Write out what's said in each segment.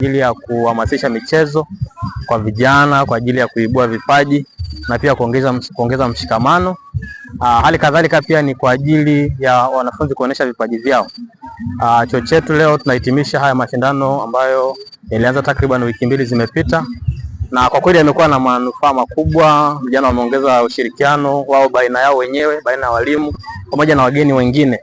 ajili ya kuhamasisha michezo kwa vijana kwa ajili ya kuibua vipaji na pia kuongeza, kuongeza mshikamano. Aa, ah, hali kadhalika pia ni kwa ajili ya wanafunzi kuonesha vipaji vyao. Ah, chuo chetu leo tunahitimisha haya mashindano ambayo yalianza takriban wiki mbili zimepita, na kwa kweli yamekuwa na manufaa makubwa. Vijana wameongeza ushirikiano wao baina yao wenyewe, baina ya walimu pamoja na wageni wengine,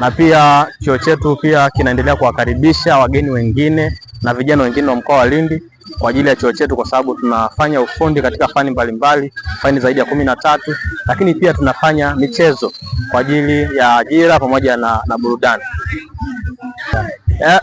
na pia chuo chetu pia kinaendelea kuwakaribisha wageni wengine na vijana wengine wa mkoa wa Lindi kwa ajili ya chuo chetu, kwa sababu tunafanya ufundi katika fani mbalimbali, fani zaidi ya kumi na tatu, lakini pia tunafanya michezo kwa ajili ya ajira pamoja na, na burudani.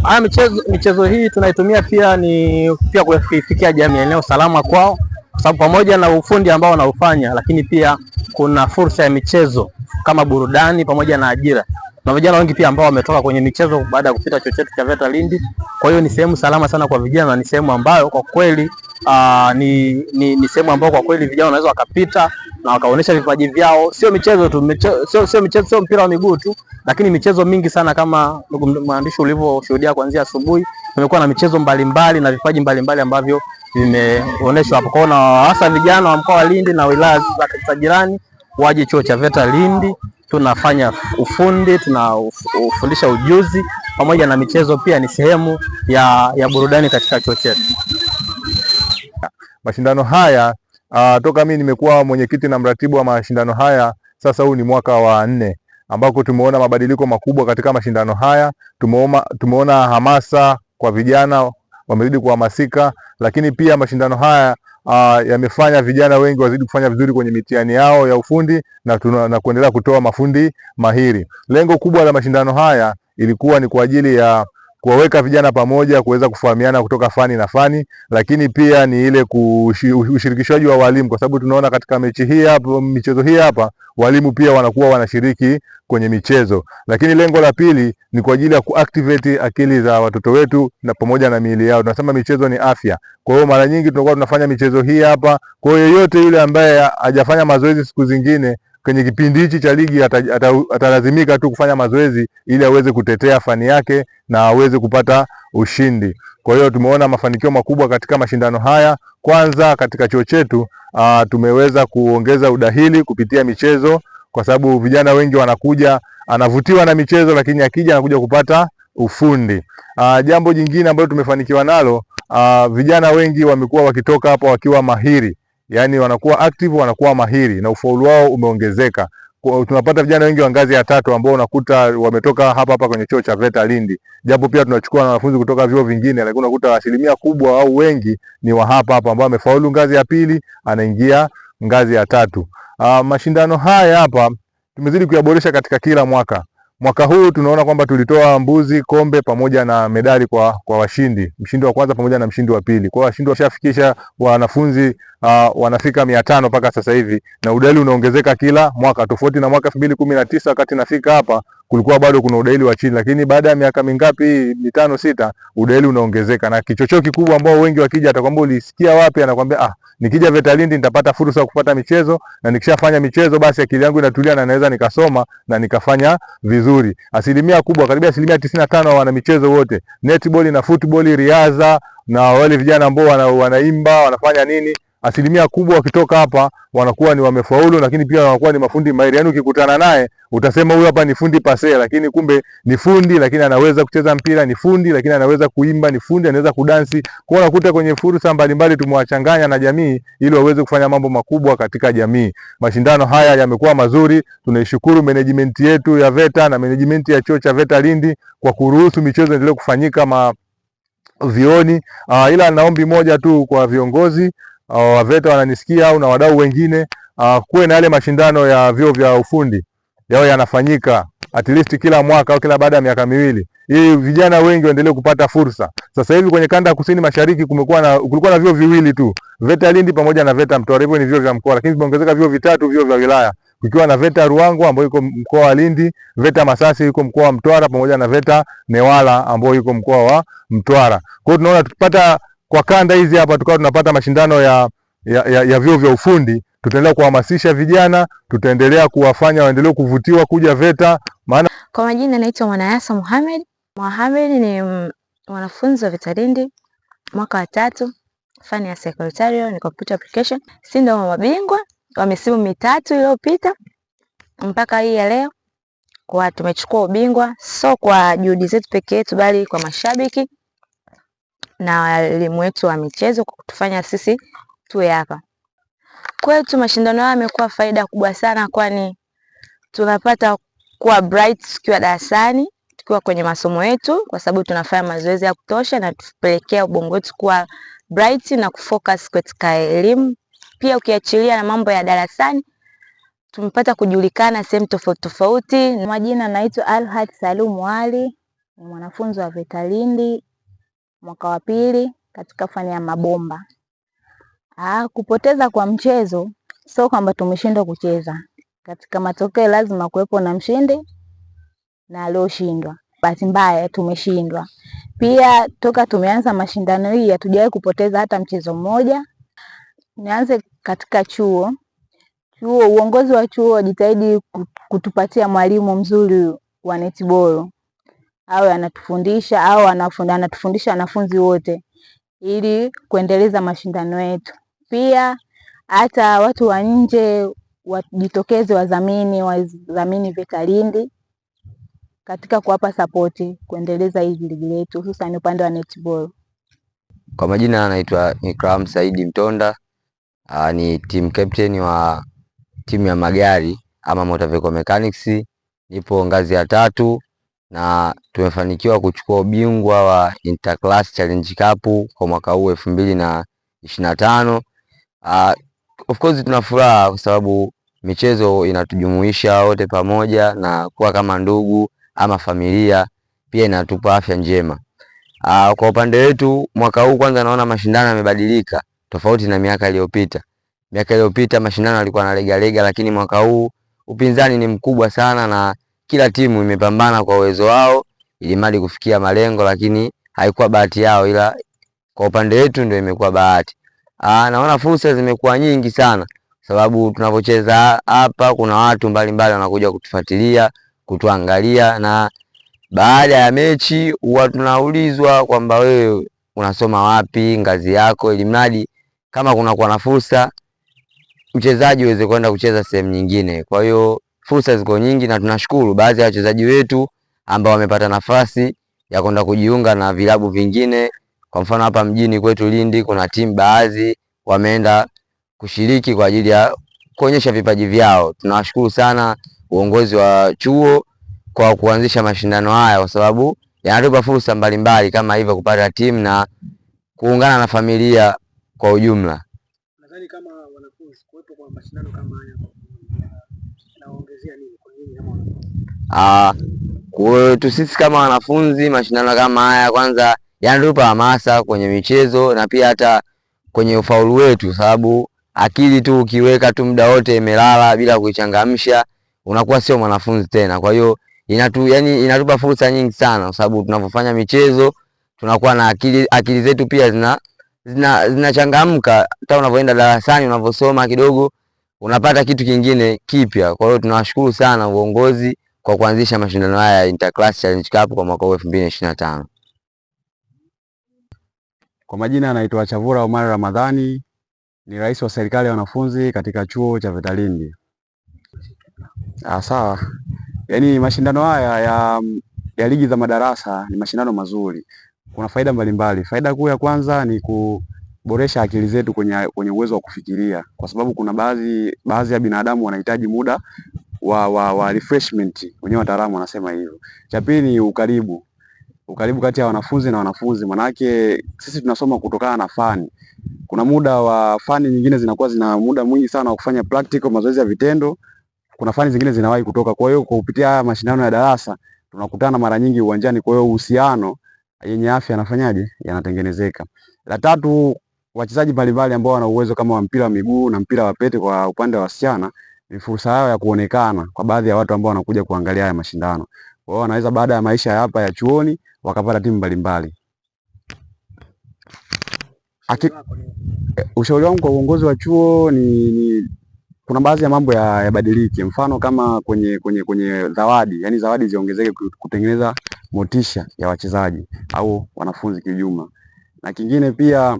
Haya michezo, michezo hii tunaitumia pia ni pia kuifikia jamii eneo salama kwao, kwa sababu pamoja na ufundi ambao wanaufanya, lakini pia kuna fursa ya michezo kama burudani pamoja na ajira na vijana wengi pia ambao wametoka kwenye michezo baada ya kupita chuo chetu cha VETA Lindi. Kwa hiyo ni sehemu salama sana kwa vijana na ni sehemu ambayo kwa kweli aa, ni, ni, ni sehemu ambayo kwa kweli vijana wanaweza wakapita na wakaonyesha vipaji vyao. Sio michezo tu michezo, sio, sio michezo, sio mpira wa miguu tu, lakini michezo mingi sana kama ndugu mwandishi ulivyoshuhudia kuanzia asubuhi, tumekuwa na michezo mbalimbali na vipaji mbalimbali ambavyo vimeonyeshwa hapo. Kwa hiyo hasa vijana wa mkoa wa Lindi na wilaya za jirani waje chuo cha VETA Lindi tunafanya ufundi, tunafundisha ujuzi pamoja na michezo pia ni sehemu ya, ya burudani katika chuo chetu. Mashindano haya uh, toka mimi nimekuwa mwenyekiti na mratibu wa mashindano haya, sasa huu ni mwaka wa nne ambako tumeona mabadiliko makubwa katika mashindano haya. Tumeoma, tumeona hamasa kwa vijana wamezidi kuhamasika, lakini pia mashindano haya uh, yamefanya vijana wengi wazidi kufanya vizuri kwenye mitihani yao ya ufundi na, tuna, na kuendelea kutoa mafundi mahiri. Lengo kubwa la mashindano haya ilikuwa ni kwa ajili ya kuwaweka vijana pamoja kuweza kufahamiana kutoka fani na fani, lakini pia ni ile ushirikishwaji wa walimu, kwa sababu tunaona katika mechi hii hapa, michezo hii hapa, walimu pia wanakuwa wanashiriki kwenye michezo. Lakini lengo la pili ni kwa ajili ya kuactivate akili za watoto wetu na pamoja na miili yao. Tunasema michezo ni afya, kwa hiyo mara nyingi tunakuwa tunafanya michezo hii hapa. Kwa hiyo yeyote yule ambaye hajafanya mazoezi siku zingine kwenye kipindi hichi cha ligi atalazimika tu kufanya mazoezi ili aweze kutetea fani yake na aweze kupata ushindi. Kwa hiyo tumeona mafanikio makubwa katika mashindano haya. Kwanza katika chuo chetu uh, tumeweza kuongeza udahili kupitia michezo, kwa sababu vijana wengi wanakuja, anavutiwa na michezo, lakini akija anakuja kupata ufundi. Uh, jambo jingine ambalo tumefanikiwa nalo uh, vijana wengi wamekuwa wakitoka hapa wakiwa mahiri yani wanakuwa active, wanakuwa mahiri na ufaulu wao umeongezeka. Tunapata vijana wengi wa ngazi ya tatu ambao unakuta wametoka hapa hapa kwenye chuo cha VETA Lindi, japo pia tunachukua na wanafunzi kutoka vyuo vingine, lakini unakuta asilimia kubwa au wengi ni wa hapa hapa ambao amefaulu ngazi ya pili anaingia ngazi ya tatu. Uh, mashindano haya hapa tumezidi kuyaboresha katika kila mwaka Mwaka huu tunaona kwamba tulitoa mbuzi, kombe pamoja na medali kwa, kwa washindi, mshindi wa kwanza pamoja na mshindi wa pili. Kwa washindi washafikisha wanafunzi uh, wanafika mia tano mpaka sasa hivi, na udali unaongezeka kila mwaka, tofauti na mwaka elfu mbili kumi na tisa wakati nafika hapa kulikuwa bado kuna udaili wa chini, lakini baada ya miaka mingapi, mitano sita, udaili unaongezeka, na kichocheo kikubwa ambao wengi wakija atakwambia ulisikia wapi? Anakwambia ah, nikija VETA-Lindi nitapata fursa ya kupata michezo, na nikishafanya michezo basi akili yangu inatulia na naweza nikasoma na nikafanya vizuri. Asilimia kubwa, karibia asilimia tisini na tano wana michezo wote, netball na football, riadha na wale vijana ambao wana, wanaimba wanafanya nini asilimia kubwa wakitoka hapa wanakuwa ni wamefaulu, lakini pia wanakuwa ni mafundi mahiri. Yani ukikutana naye utasema huyu hapa ni fundi pase, lakini kumbe ni fundi, lakini anaweza kucheza mpira, ni fundi, lakini anaweza kuimba, ni fundi, anaweza kudansi. Kwa unakuta kwenye fursa mbalimbali tumewachanganya na jamii ili waweze kufanya mambo makubwa katika jamii. Mashindano haya yamekuwa mazuri, tunaishukuru management yetu ya VETA na management ya chuo cha VETA Lindi kwa kuruhusu michezo endelee kufanyika ma vioni. Uh, ila naombi moja tu kwa viongozi waveta wananisikia au na wadau wengine, uh, kuwe na yale mashindano ya vyuo vya ufundi yao yanafanyika at least kila mwaka au kila baada ya miaka miwili, ili vijana wengi waendelee kupata fursa. Sasa hivi kwenye kanda ya kusini mashariki kumekuwa na kulikuwa na vyuo viwili tu, VETA Lindi pamoja na VETA Mtwara, hivyo ni vyuo vya mkoa, lakini vimeongezeka vyuo vitatu, vyuo vya wilaya, kukiwa na VETA Ruangwa ambayo iko mkoa wa Lindi, VETA Masasi iko mkoa wa Mtwara, pamoja na VETA Newala ambayo iko mkoa wa Mtwara. Kwa hiyo tunaona tukipata kwa kanda hizi hapa tukawa tunapata mashindano ya, ya, ya, ya vyuo vya ufundi. Tutaendelea kuhamasisha vijana, tutaendelea kuwafanya waendelee kuvutiwa kuja VETA maana. Kwa majina naitwa Mwanayasa Mohamed. Mohamed ni mwanafunzi wa VETA Lindi mwaka wa tatu, fani ya secretarial ni computer application. Si ndio mabingwa wa misimu mitatu iliyopita mpaka hii ya leo, kwa tumechukua ubingwa, so kwa juhudi zetu peke yetu, bali kwa mashabiki na walimu wetu wa michezo kwa kutufanya sisi tuwe hapa. Kwetu mashindano haya yamekuwa faida kubwa sana, kwani tunapata kuwa bright tukiwa darasani, tukiwa kwenye masomo yetu, kwa sababu tunafanya mazoezi ya kutosha na tupelekea ubongo wetu kuwa bright na kufocus katika elimu. Pia ukiachilia na mambo ya darasani, tumepata kujulikana sehemu tofauti tofauti. Majina naitwa Alhad Salumu Ali, ni mwanafunzi wa VETA mwaka wa pili katika fani ya mabomba. Ah, kupoteza kwa mchezo sio kwamba tumeshindwa kucheza. Katika matokeo lazima kuwepo na mshindi na aliyoshindwa. Bahati mbaya tumeshindwa. Pia toka tumeanza mashindano hii hatujawahi kupoteza hata mchezo mmoja. Nianze katika chuo. Chuo, uongozi wa chuo jitahidi kutupatia mwalimu mzuri wa netibolo awe anatufundisha au anatufundisha wanafunzi wote ili kuendeleza mashindano yetu. Pia hata watu wa nje wajitokeze, wadhamini wadhamini VETA-Lindi katika kuwapa sapoti kuendeleza hii ligi letu hususani upande wa netball. Kwa majina anaitwa Ikram Saidi Mtonda. Aa, ni team captain wa timu ya magari ama motor vehicle mechanics, nipo ngazi ya tatu na tumefanikiwa kuchukua ubingwa wa Interclass Challenge Cup kwa mwaka huu elfu mbili na ishirini na tano. Uh, of course tuna furaha kwa sababu michezo inatujumuisha wote pamoja na kuwa kama ndugu ama familia, pia inatupa afya njema. Uh, kwa upande wetu mwaka huu kwanza, naona mashindano yamebadilika tofauti na miaka iliyopita. Miaka iliyopita mashindano yalikuwa na lega lega, lakini mwaka huu upinzani ni mkubwa sana na kila timu imepambana kwa uwezo wao ili mali kufikia malengo, lakini haikuwa bahati yao, ila kwa upande wetu ndio imekuwa bahati. Ah, naona fursa zimekuwa nyingi sana, sababu tunapocheza hapa kuna watu mbalimbali wanakuja mbali kutufuatilia, kutuangalia na baada ya mechi huwa tunaulizwa kwamba wewe unasoma wapi, ngazi yako, ili mradi kama kunakuwa na fursa uchezaji uweze kwenda kucheza sehemu nyingine. Kwa hiyo fursa ziko nyingi, na tunashukuru baadhi ya wachezaji wetu ambao wamepata nafasi ya kwenda kujiunga na vilabu vingine. Kwa mfano hapa mjini kwetu Lindi kuna timu baadhi wameenda kushiriki kwa ajili ya kuonyesha vipaji vyao. Tunawashukuru sana uongozi wa chuo kwa kuanzisha mashindano haya, kwa sababu yanatupa fursa mbalimbali kama hivyo kupata timu na kuungana na familia kwa ujumla. Nadhani kama wanafunzi kuwepo kwa mashindano kama haya Ah, kwetu sisi kama wanafunzi, mashindano kama haya kwanza yanatupa hamasa kwenye michezo na pia hata kwenye ufaulu wetu, sababu akili tu ukiweka tu muda wote imelala bila kuichangamsha, unakuwa sio mwanafunzi tena. Kwa hiyo inatu, yani inatupa fursa nyingi sana, kwa sababu tunapofanya michezo tunakuwa na akili, akili zetu pia zina zinachangamka zina hata unavyoenda darasani unavyosoma kidogo unapata kitu kingine kipya. Kwa hiyo tunawashukuru sana uongozi kwa kuanzisha mashindano haya ya Interclass Challenge Cup kwa mwaka huu 2025. Kwa majina anaitwa Chavura Omar Ramadhani, ni rais wa serikali ya wanafunzi katika chuo cha Vetalindi. Ah, sawa. Yaani mashindano haya ya, ya ligi za madarasa ni mashindano mazuri, kuna faida mbalimbali mbali. Faida kuu ya kwanza ni ku boresha akili zetu kwenye, kwenye uwezo wa kufikiria, kwa sababu kuna baadhi baadhi ya binadamu wanahitaji muda wa, wa, wa refreshment, wenyewe wataalamu wanasema hivyo. Cha pili ni ukaribu, ukaribu kati ya wanafunzi na wanafunzi, manake sisi tunasoma kutokana na fani. Kuna muda wa fani nyingine zinakuwa zina muda mwingi sana wa kufanya practical, mazoezi ya vitendo. Kuna fani zingine zinawahi kutoka. Kwa hiyo kwa kupitia haya mashindano ya darasa tunakutana mara nyingi uwanjani, kwa hiyo uhusiano yenye afya yanafanyaje, yanatengenezeka. La tatu wachezaji mbalimbali ambao wana uwezo kama wa mpira wa miguu na mpira wa pete kwa upande wa wasichana, ni fursa yao ya kuonekana kwa baadhi ya watu ambao wanakuja kuangalia haya mashindano. Kwa hiyo wanaweza baada ya maisha hapa ya chuoni wakapata timu mbalimbali. Aki... Ushauri wangu kwa uongozi wa chuo ni, ni kuna baadhi ya mambo yabadilike ya mfano kama kwenye, kwenye, kwenye zawadi yani zawadi ziongezeke kutengeneza motisha ya wachezaji au wanafunzi kijuma, na kingine pia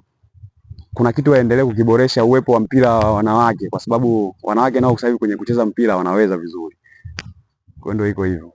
kuna kitu waendelee kukiboresha, uwepo wa mpira wa wanawake, kwa sababu wanawake nao sasa hivi kwenye kucheza mpira wanaweza vizuri. Kwa ndio iko hivyo.